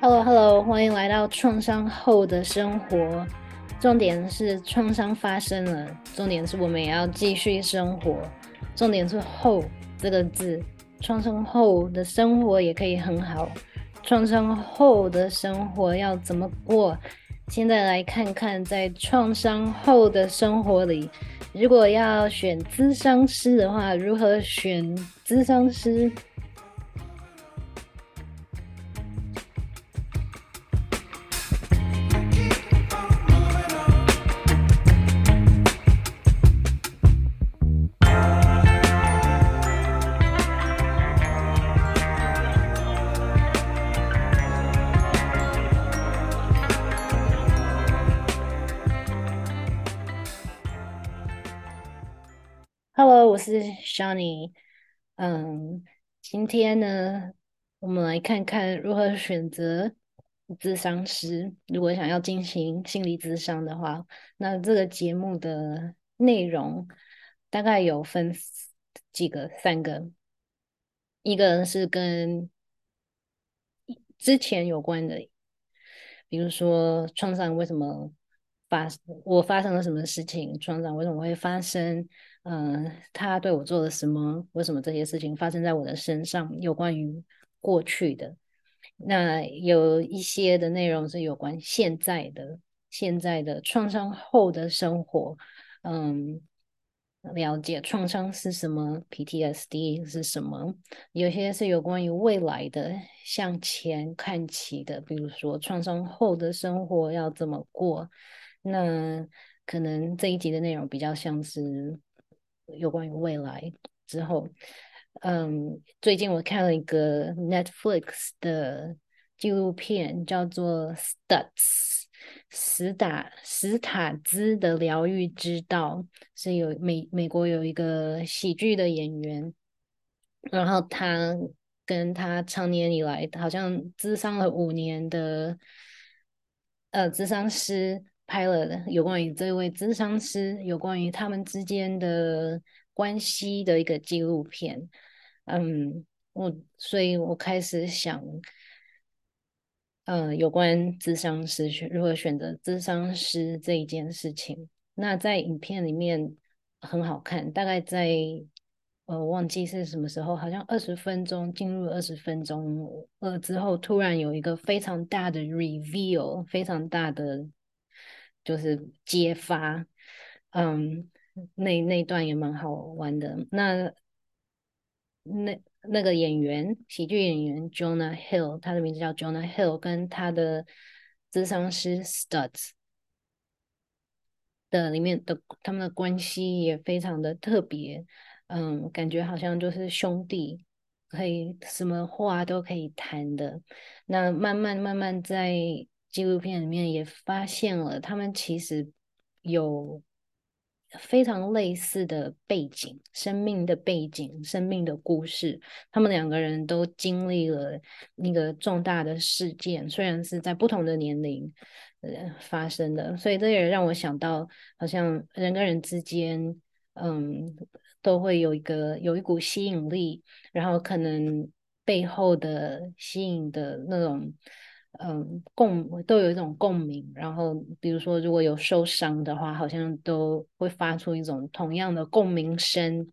哈嘍，哈嘍，歡迎來到創傷後的生活。重點是創傷發生了，重點是我們也要繼續生活。重點是後這個字，創傷後的生活也可以很好。創傷後的生活要怎麼過？現在來看看，在創傷後的生活裡，如果要選諮商師的話，如何選諮商師？Hello，我是 Shani。嗯，今天呢，我們來看看如何選擇諮商師。如果想要進行心理諮商的話，那這個節目的內容大概有分幾個，三個。一個是跟之前有關的，比如說創傷為什麼發？我發生了什麼事情，創傷為什麼會發生？嗯、呃，他對我做了什麼？為什麼這些事情發生在我的身上？有關於過去的，那有一些的內容是有關現在的，現在的創傷後的生活。嗯，了解創傷是什麼，PTSD 是什麼？有些是有關於未來的，向前看齊的，比如說創傷後的生活要怎麼過？那可能這一集的內容比較像是。有關於未來之後，嗯，最近我看了一個 Netflix 的紀錄片，叫做 Stutz，《史塔，史塔茲的療癒之道》，是有美美國有一個喜劇的演員，然後他跟他常年以來好像諮商了五年的呃，諮商師。拍了的有關於這位諮商師，有關於他們之間的關係的一個紀錄片。嗯，我，所以我開始想，呃，有關諮商師選如何選擇諮商師這一件事情。那在影片裡面很好看，大概在呃忘記是什麼時候，好像二十分鐘進入二十分鐘，呃之後突然有一個非常大的 reveal，非常大的。就是揭發，嗯，那那段也蠻好玩的。那那那個演員，喜劇演員 Jonah Hill，他的名字叫 Jonah Hill，跟他的諮商師 Studs 的裡面的他們的關係也非常的特別，嗯，感覺好像就是兄弟，可以什麼話都可以談的。那慢慢慢慢在。紀錄片裡面也發現了，他們其實有非常類似的背景，生命的背景，生命的故事。他們兩個人都經歷了那個重大的事件，雖然是在不同的年齡，呃，發生的，所以這也讓我想到，好像人跟人之間，嗯，都會有一個有一股吸引力，然後可能背後的吸引的那種。嗯，共都有一種共鳴，然後比如說如果有受傷的話，好像都會發出一種同樣的共鳴聲，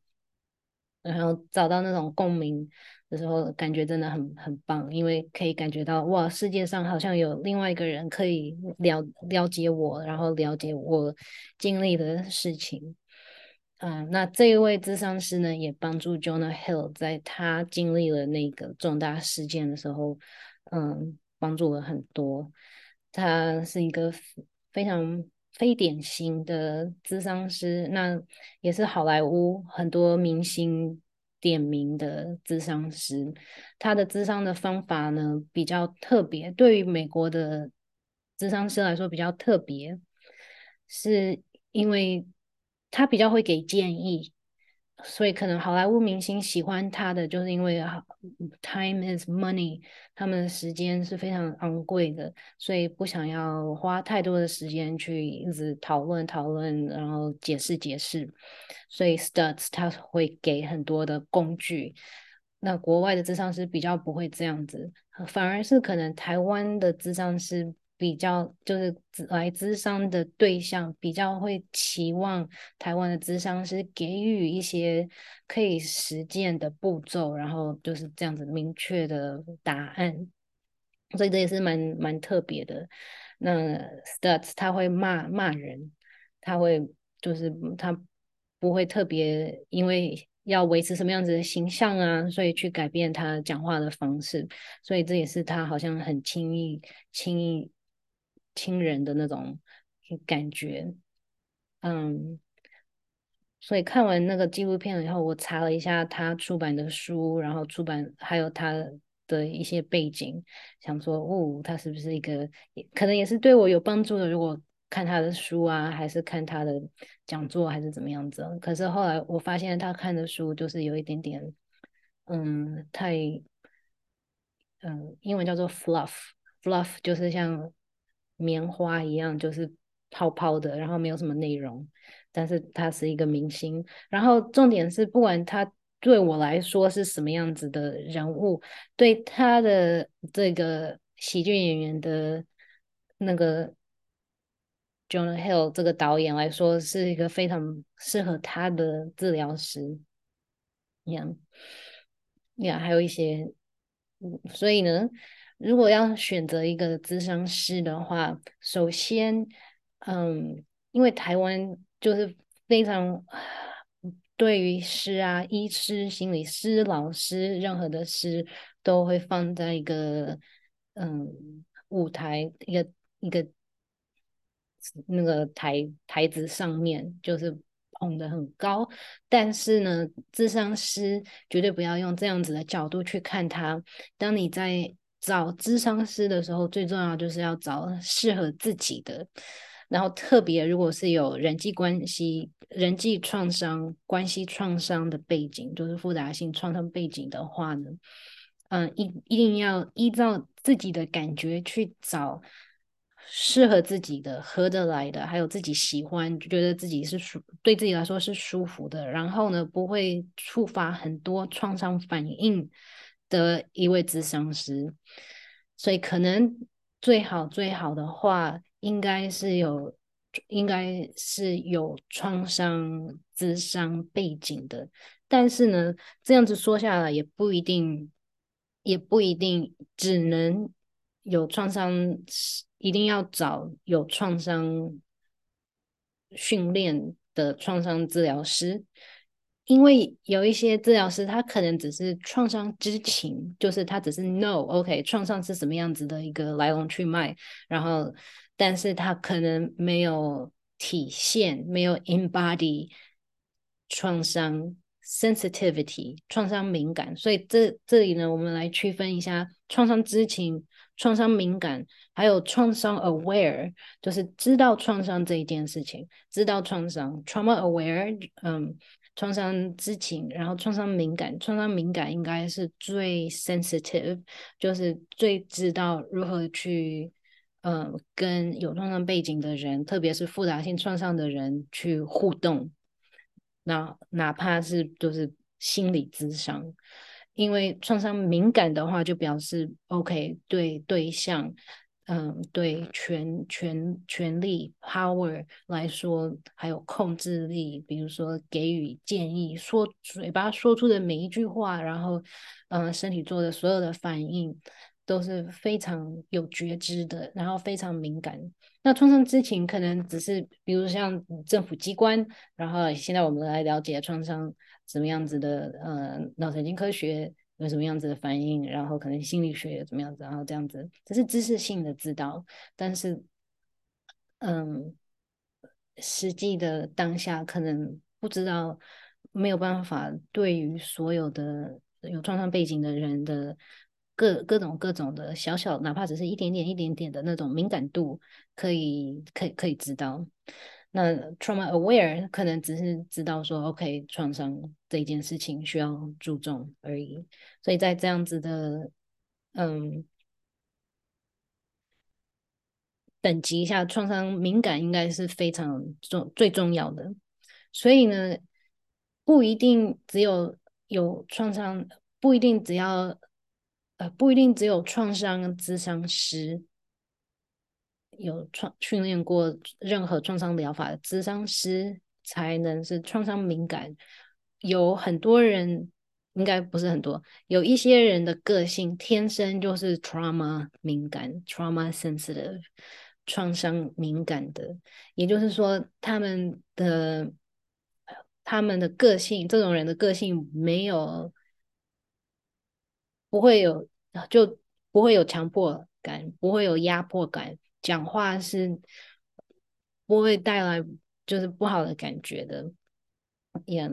然後找到那種共鳴的時候，感覺真的很很棒，因為可以感覺到哇，世界上好像有另外一個人可以了了解我，然後了解我經歷的事情。嗯，那這一位諮商師呢，也幫助 Jonah Hill 在他經歷了那個重大事件的時候，嗯。幫助了很多。他是一個非常非典型的諮商師，那也是好萊塢很多明星點名的諮商師。他的諮商的方法呢，比較特別，對於美國的諮商師來說比較特別，是因為他比較會給建議。所以可能好萊塢明星喜歡他的，就是因為好，time is money，他們的時間是非常昂貴的，所以不想要花太多的時間去一直討論討論，然後解釋解釋。所以 Studs 他會給很多的工具。那國外的諮商師比較不會這樣子，反而是可能台灣的諮商師。比較就是來諮商的對象比較會期望台灣的諮商師給予一些可以實踐的步驟，然後就是這樣子明確的答案。所以這也是蠻蠻特別的。那 Stats 他會罵罵人，他會就是他不會特別因為要維持什麼樣子的形象啊，所以去改變他講話的方式。所以這也是他好像很輕易輕易。親人的那種感覺，嗯，um，所以看完那個紀錄片了以後，我查了一下他出版的書，然後出版還有他的一些背景，想說哦，他是不是一個可能也是對我有幫助的？如果看他的書啊，還是看他的講座，還是怎麼樣子？可是後來我發現他看的書就是有一點點，嗯，太，嗯，英文叫做 fluff，fluff 就是像棉花一樣，就是泡泡的，然後沒有什麼內容。但是他是一個明星，然後重點是，不管他對我來說是什麼樣子的人物，對他的這個喜劇演員的那個 Jonah Hill 這個導演來說，是一個非常適合他的治療師。Yeah，呀，還有一些，嗯，所以呢。如果要選擇一個諮商師的話，首先，嗯，因為台灣就是非常對於師啊、醫師、心理師、老師，任何的師都會放在一個嗯舞台一個一個那個台台子上面，就是捧得很高。但是呢，諮商師絕對不要用這樣子的角度去看他。當你在找諮商師的時候，最重要就是要找適合自己的。然後特別，如果是有人際關係、人際創傷、關係創傷的背景，就是複雜性創傷背景的話呢，嗯，一一定要依照自己的感覺去找適合自己的、合得來的，還有自己喜歡，就覺得自己是舒，對自己來說是舒服的。然後呢，不會觸發很多創傷反應。的一位諮商師，所以可能最好最好的話，應該是有，應該是有創傷諮商背景的。但是呢，這樣子說下來，也不一定，也不一定只能有創傷，一定要找有創傷訓練的創傷治療師。因為有一些治療師，他可能只是創傷知情，就是他只是 know，OK，okay，創傷是什麼樣子的一個來龍去脈，然後，但是他可能沒有體現，沒有 embody，創傷 sensitivity，創傷敏感。所以這這裡呢，我們來區分一下創傷知情、創傷敏感，還有創傷 aware，就是知道創傷這一件事情，知道創傷 trauma aware，嗯。創傷知情，然後創傷敏感，創傷敏感應該是最 sensitive，就是最知道如何去，呃，跟有創傷背景的人，特別是複雜性創傷的人去互動。那哪怕是就是心理諮商，因為創傷敏感的話，就表示 OK 對對象。嗯，對，權權權力 power 來說，還有控制力，比如說給予建議，說嘴巴說出的每一句話，然後，嗯、呃，身體做的所有的反應，都是非常有覺知的，然後非常敏感。那創傷知情可能只是，比如像政府機關，然後現在我們來了解創傷什麼樣子的，呃，腦神經科學。有什麼樣子的反應，然後可能心理學又怎麼樣子，然後這樣子，只是知識性的知道，但是，嗯，實際的當下可能不知道，沒有辦法對於所有的有創傷背景的人的各各種各種的小小，哪怕只是一點點一點點的那種敏感度，可以可以可以知道。那 trauma aware 可能只是知道說，OK，創傷這件事情需要注重而已。所以在這樣子的，嗯，等級下，創傷敏感應該是非常重最重要的。所以呢，不一定只有有創傷，不一定只要，呃，不一定只有創傷諮商師有創訓練過任何創傷療法的諮商師才能是創傷敏感。有很多人應該不是很多，有一些人的個性天生就是 trauma 敏感，trauma sensitive 創傷敏感的，也就是說他們的他們的個性，這種人的個性沒有不會有就不會有強迫感，不會有壓迫感。講話是不會帶來就是不好的感覺的，也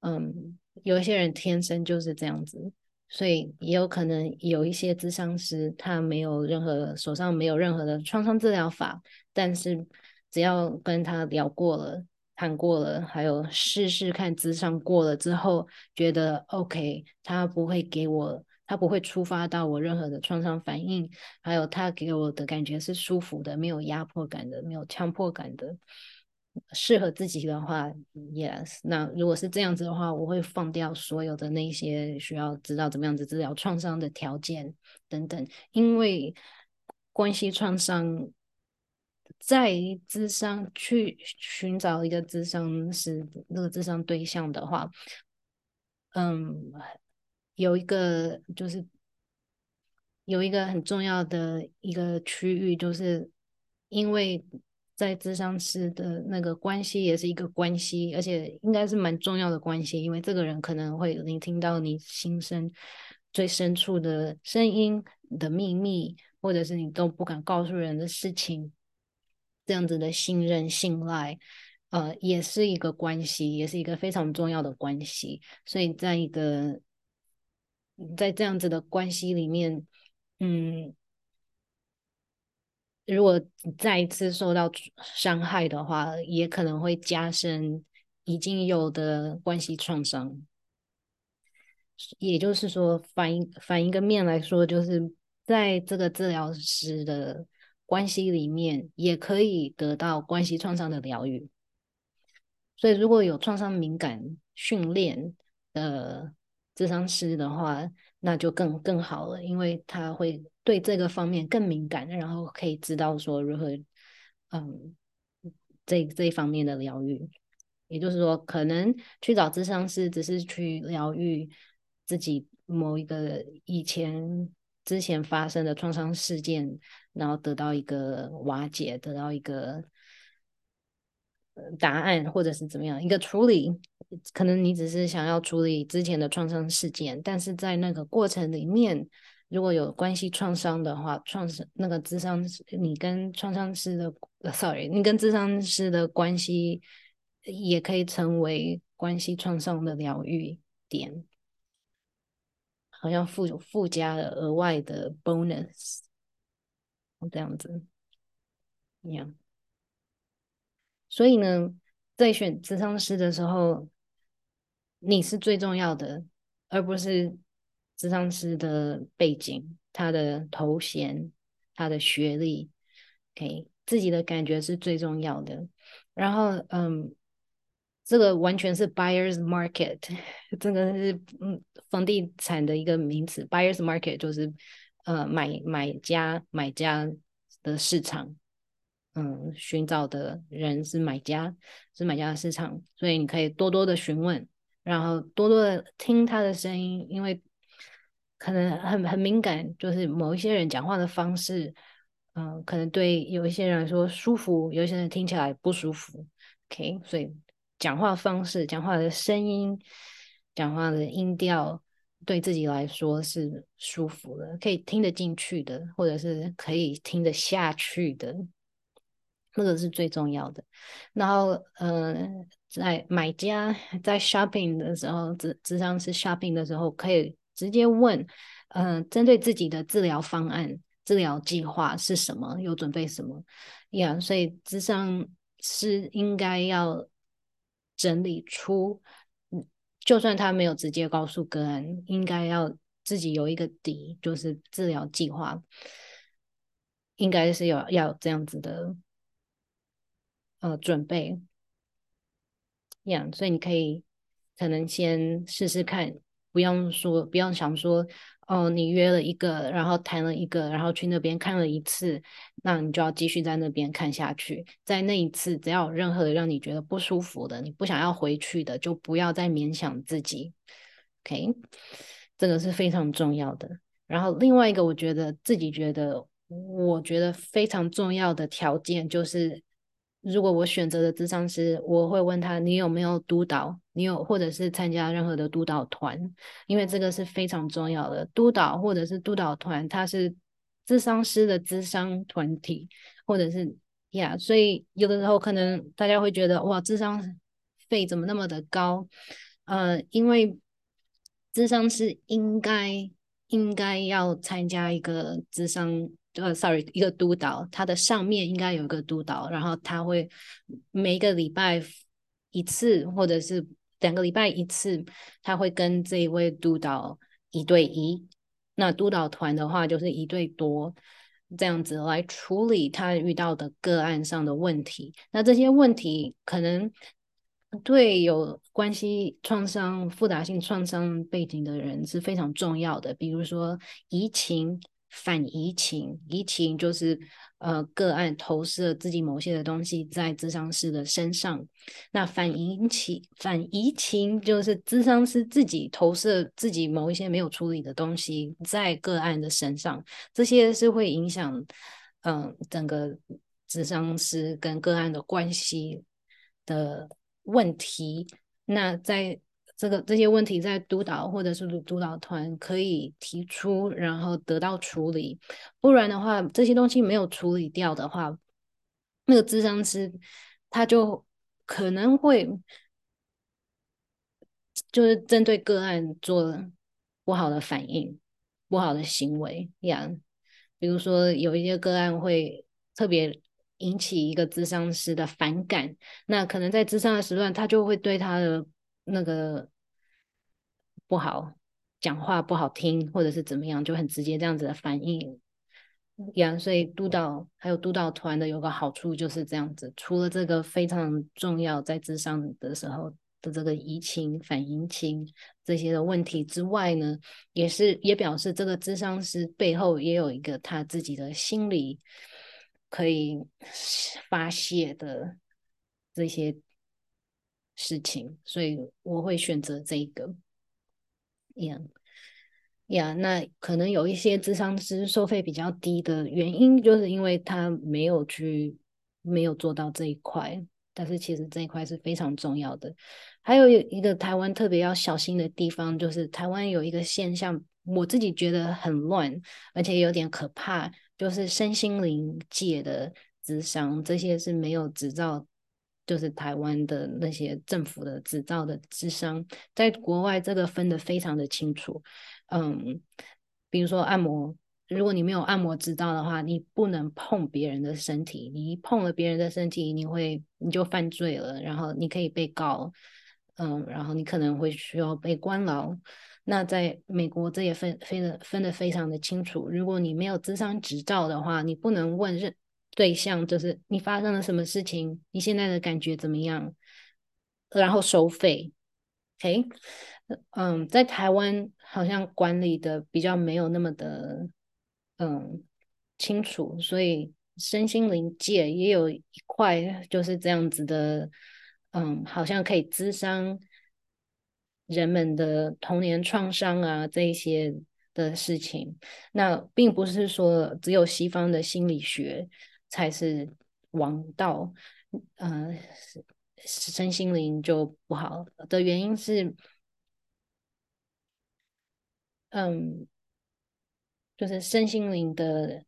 嗯，有一些人天生就是這樣子，所以也有可能有一些諮商師，他沒有任何手上沒有任何的創傷治療法，但是只要跟他聊過了談過了，還有試試看諮商過了之後，覺得 OK，他不會給我。它不會觸發到我任何的創傷反應，還有它給我的感覺是舒服的，沒有壓迫感的，沒有強迫感的。適合自己的話，yes。那如果是這樣子的話，我會放掉所有的那些需要知道怎麼樣子治療創傷的條件等等，因為關係創傷在諮商去尋找一個諮商是那個諮商對象的話，嗯。有一個，就是有一個很重要的一個區域，就是因為在諮商師的那個關係也是一個關係，而且應該是蠻重要的關係，因為這個人可能會聆聽到你心聲最深處的聲音的秘密，或者是你都不敢告訴人的事情，這樣子的信任信賴，呃，也是一個關係，也是一個非常重要的關係，所以在一個。在這樣子的關係裡面，嗯，如果再一次受到傷害的話，也可能會加深已經有的關係創傷。也就是說，反反一個面來說，就是在這個治療師的關係裡面，也可以得到關係創傷的療癒。所以，如果有創傷敏感訓練的。諮商師的話，那就更更好了，因為他會對這個方面更敏感，然後可以知道說如何，嗯，這一這一方面的療癒。也就是說，可能去找諮商師，只是去療癒自己某一個以前之前發生的創傷事件，然後得到一個瓦解，得到一個。答案，或者是怎麼樣一個處理，可能你只是想要處理之前的創傷事件，但是在那個過程裡面，如果有關係創傷的話，創傷那個諮商你跟創傷師的，sorry，你跟智商師的關係也可以成為關係創傷的療癒點，好像附附加了額外的 bonus，這樣子，一樣。所以呢，在選諮商師的時候，你是最重要的，而不是諮商師的背景、他的頭銜、他的學歷。OK，自己的感覺是最重要的。然後，嗯，這個完全是 buyer's market，這個是嗯房地產的一個名詞，buyer's market 就是呃買買家買家的市場。嗯，尋找的人是買家，是買家的市場，所以你可以多多的詢問，然後多多的聽他的聲音，因為可能很很敏感，就是某一些人講話的方式，嗯，可能對有一些人來說舒服，有一些人聽起來不舒服。OK，所以講話方式、講話的聲音、講話的音調，對自己來說是舒服的，可以聽得進去的，或者是可以聽得下去的。那個是最重要的。然後，呃，在買家在 shopping 的時候，諮諮商師 shopping 的時候，可以直接問，呃，針對自己的治療方案、治療計劃是什麼，有準備什麼呀？Yeah, 所以，諮商師應該要整理出，就算他沒有直接告訴個案，應該要自己有一個底，就是治療計劃，應該是有要有這樣子的。呃，準備，樣，yeah，所以你可以可能先試試看，不用說，不要想說，哦，你約了一個，然後談了一個，然後去那邊看了一次，那你就要繼續在那邊看下去，在那一次，只要有任何讓你覺得不舒服的，你不想要回去的，就不要再勉強自己。OK，這個是非常重要的。然後另外一個，我覺得自己覺得，我覺得非常重要的條件就是。如果我選擇的諮商師，我會問他你有沒有督導，你有或者是參加任何的督導團，因為這個是非常重要的督導或者是督導團，他是諮商師的諮商團體或者是呀，yeah, 所以有的時候可能大家會覺得哇諮商費怎麼那麼的高，呃，因為諮商師應該應該要參加一個諮商。呃、uh，sorry，一個督導，他的上面應該有一個督導，然後他會每一個禮拜一次，或者是兩個禮拜一次，他會跟這一位督導一對一。那督導團的話，就是一對多這樣子來處理他遇到的個案上的問題。那這些問題可能對有關係創傷、複雜性創傷背景的人是非常重要的，比如說移情。反移情，移情就是呃，個案投射自己某些的東西在諮商師的身上；那反移情，反移情就是諮商師自己投射自己某一些沒有處理的東西在個案的身上，這些是會影響嗯、呃、整個諮商師跟個案的關係的問題。那在這個這些問題在督導或者是督導團可以提出，然後得到處理。不然的話，這些東西沒有處理掉的話，那個諮商師他就可能會就是針對個案做不好的反應、不好的行為一樣，比如說，有一些個案會特別引起一個諮商師的反感，那可能在諮商的時段，他就會對他的。那個不好，講話不好聽，或者是怎麼樣，就很直接這樣子的反應呀。所以督導還有督導團的有個好處就是這樣子，除了這個非常重要在諮商的時候的這個移情反移情，這些的問題之外呢，也是也表示這個諮商師背後也有一個他自己的心理可以發洩的這些事情，所以我會選擇這一個。呀呀，那可能有一些諮商師收費比較低的原因，就是因為他沒有去，沒有做到這一塊。但是其實這一塊是非常重要的。還有一個台灣特別要小心的地方，就是台灣有一個現象，我自己覺得很亂，而且有點可怕，就是身心靈界的諮商，這些是沒有執照。就是台灣的那些政府的執照的諮商，在國外這個分得非常的清楚，嗯，比如說按摩，如果你沒有按摩執照的話，你不能碰別人的身體，你一碰了別人的身體，你會你就犯罪了，然後你可以被告，嗯，然後你可能會需要被關牢。那在美國，這也分分得分得非常的清楚，如果你沒有諮商執照的話，你不能問任。對象就是你發生了什麼事情？你現在的感覺怎麼樣？然後收費，OK？嗯，在台灣好像管理的比較沒有那麼的嗯清楚，所以身心靈界也有一塊就是這樣子的，嗯，好像可以諮商人們的童年創傷啊，這一些的事情。那並不是說只有西方的心理學。才是王道。嗯、呃，身心靈就不好的原因是，嗯，就是身心靈的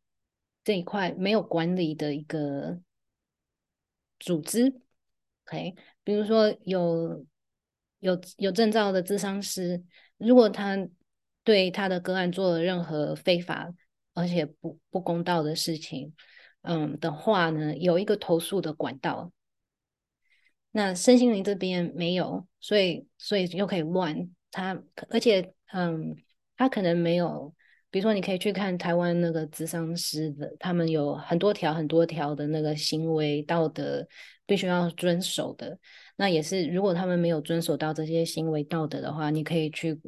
這一塊沒有管理的一個組織。OK，比如說有有有證照的諮商師，如果他對他的個案做了任何非法而且不不公道的事情。嗯，的話呢，有一個投訴的管道，那身心靈這邊沒有，所以所以又可以亂他，而且嗯，他可能沒有，比如說你可以去看台灣那個諮商師的，他們有很多條很多條的那個行為道德必須要遵守的，那也是如果他們沒有遵守到這些行為道德的話，你可以去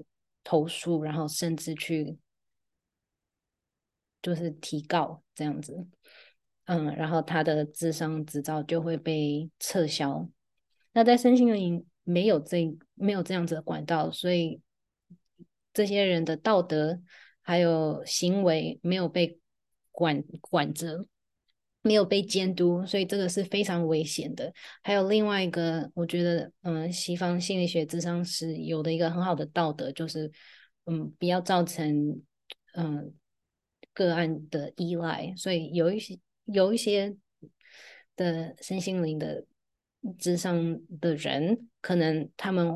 投訴，然後甚至去就是提告這樣子。嗯，然後他的諮商執照就會被撤銷。那在身心靈沒有這沒有這樣子的管道，所以這些人的道德還有行為沒有被管管着，沒有被監督，所以這個是非常危險的。還有另外一個，我覺得，嗯，西方心理學諮商師有的一個很好的道德，就是，嗯，不要造成，嗯，個案的依賴。所以有一些。有一些的身心靈的諮商的人，可能他們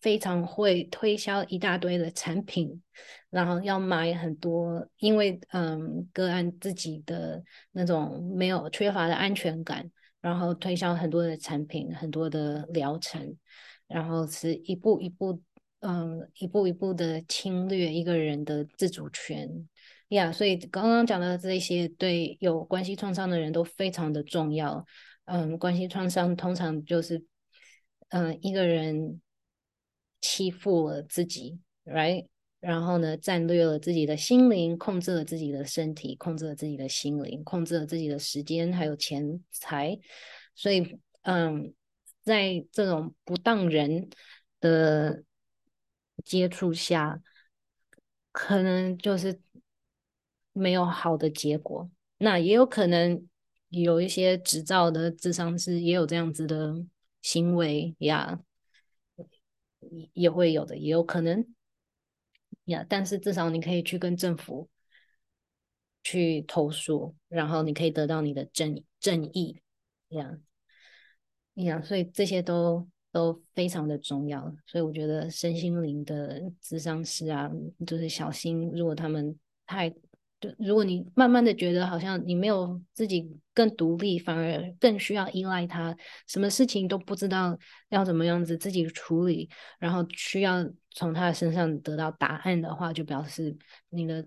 非常會推銷一大堆的產品，然後要買很多，因為嗯，個案自己的那種沒有缺乏的安全感，然後推銷很多的產品，很多的療程，然後是一步一步，嗯，一步一步的侵略一個人的自主權。呀，yeah, 所以剛剛講的這些對有關係創傷的人都非常的重要。嗯，關係創傷通常就是，嗯、呃，一個人欺負了自己，right？然後呢，戰略了自己的心靈，控制了自己的身體，控制了自己的心靈，控制了自己的時間，還有錢財。所以，嗯，在這種不當人的接觸下，可能就是。沒有好的結果，那也有可能有一些執照的諮商師也有這樣子的行為呀，yeah, 也會有的，也有可能呀。Yeah, 但是至少你可以去跟政府去投訴，然後你可以得到你的正正義呀，yeah. Yeah, 所以這些都都非常的重要。所以我覺得身心靈的諮商師啊，就是小心，如果他們太。就如果你慢慢的覺得好像你沒有自己更獨立，反而更需要依賴他，什麼事情都不知道要怎麼樣子自己處理，然後需要從他身上得到答案的話，就表示你的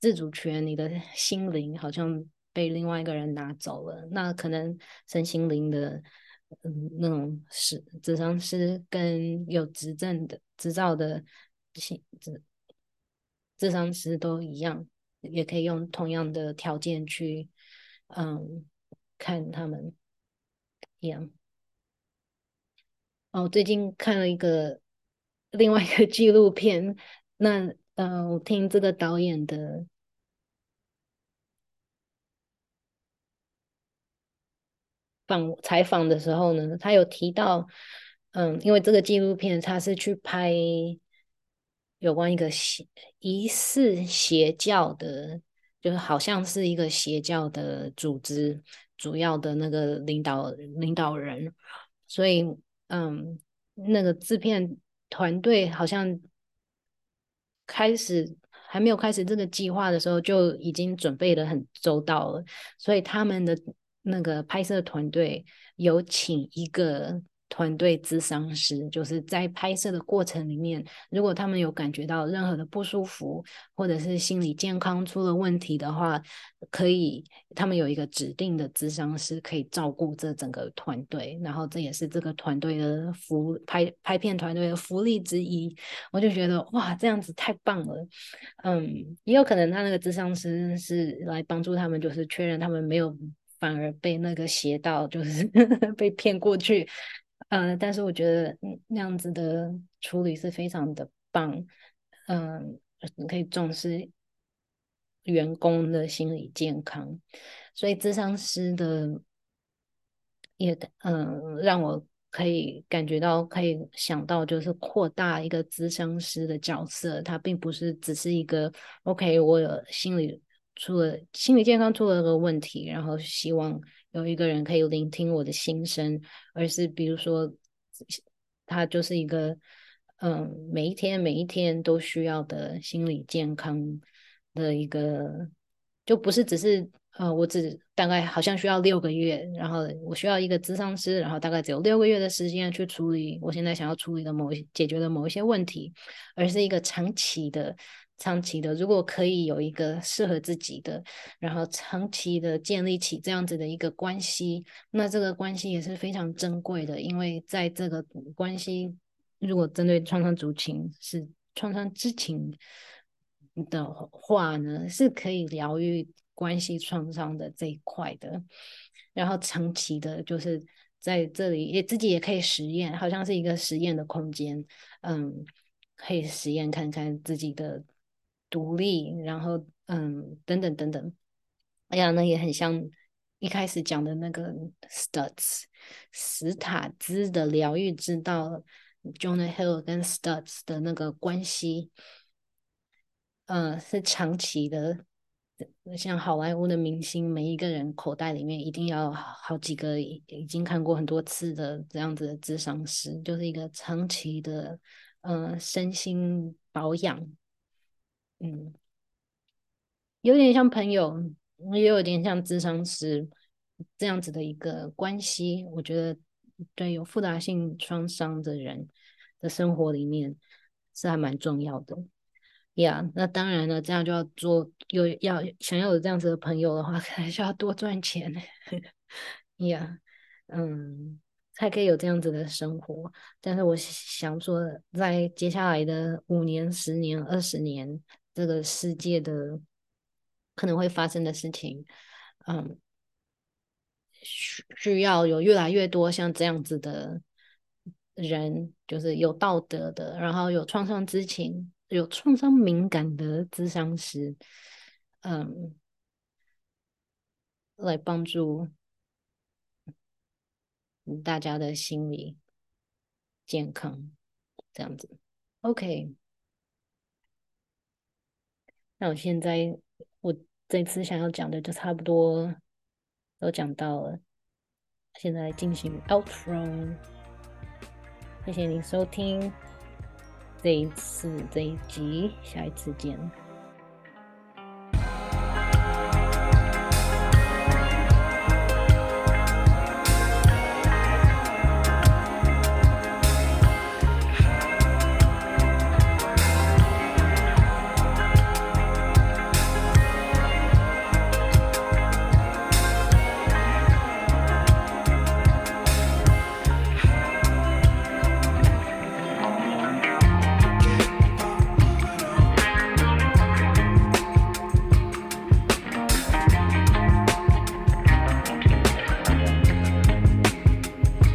自主權、你的心靈好像被另外一個人拿走了。那可能身心靈的，嗯，那種是，諮商師跟有執證的、執照的心、智智，智，諮商師都一樣。也可以用同樣的條件去，嗯，看他們一樣。Yeah. 哦，最近看了一個另外一個紀錄片，那嗯、呃，我聽這個導演的訪採訪的時候呢，他有提到，嗯，因為這個紀錄片他是去拍。有關一個邪、疑似邪教的，就是好像是一個邪教的組織主要的那個領導領導人，所以嗯，那個製片團隊好像開始還沒有開始這個計劃的時候，就已經準備的很周到了，所以他們的那個拍攝團隊有請一個團隊諮商師就是在拍攝的過程裡面，如果他們有感覺到任何的不舒服，或者是心理健康出了問題的話，可以他們有一個指定的諮商師可以照顧這整個團隊，然後這也是這個團隊的福拍拍片團隊的福利之一。我就覺得哇，這樣子太棒了。嗯，也有可能他那個諮商師是來幫助他們，就是確認他們沒有反而被那個邪道就是 被騙過去。嗯、呃，但是我覺得，那樣子的處理是非常的棒，嗯、呃，你可以重視員工的心理健康，所以諮商師的也，也、呃、嗯，讓我可以感覺到，可以想到，就是擴大一個諮商師的角色，它並不是只是一個，OK，我有心理出了心理健康出了個問題，然後希望。有一個人可以聆聽我的心聲，而是比如說，他就是一個嗯，每一天每一天都需要的心理健康的一個，就不是只是呃，我只大概好像需要六個月，然後我需要一個諮商師，然後大概只有六個月的時間去處理我現在想要處理的某解決的某一些問題，而是一個長期的。長期的，如果可以有一個適合自己的，然後長期的建立起這樣子的一個關係，那這個關係也是非常珍貴的。因為在這個關係，如果針對創傷族群是創傷知情的話呢，是可以療癒關係創傷的這一塊的。然後長期的，就是在這裡也自己也可以實驗，好像是一個實驗的空間，嗯，可以實驗看看自己的。獨立，然後嗯，等等等等，哎呀，那也很像一開始講的那個 Stutz，史塔茲的療癒之道，Jonah Hill 跟 Stutz 的那個關係，嗯、呃，是長期的，像好萊塢的明星，每一個人口袋裡面一定要好幾個已經看過很多次的這樣子的諮商師，就是一個長期的嗯、呃，身心保養。嗯，有點像朋友，也有點像諮商師這樣子的一個關係。我覺得，對有複雜性創傷的人的生活裡面是還蠻重要的。呀、yeah，那當然了，這樣就要做，有要想要有這樣子的朋友的話，可能還需要多賺錢。呀、 yeah，嗯，才可以有這樣子的生活。但是我想說，在接下來的五年、十年、二十年，這個世界的可能會發生的事情，嗯，需需要有越來越多像這樣子的人，就是有道德的，然後有創傷知情、有創傷敏感的諮商師，嗯，來幫助大家的心理健康，這樣子，OK。那我現在，我這次想要講的就差不多都講到了，現在進行 outro，謝謝您收聽這一次這一集，下一次見。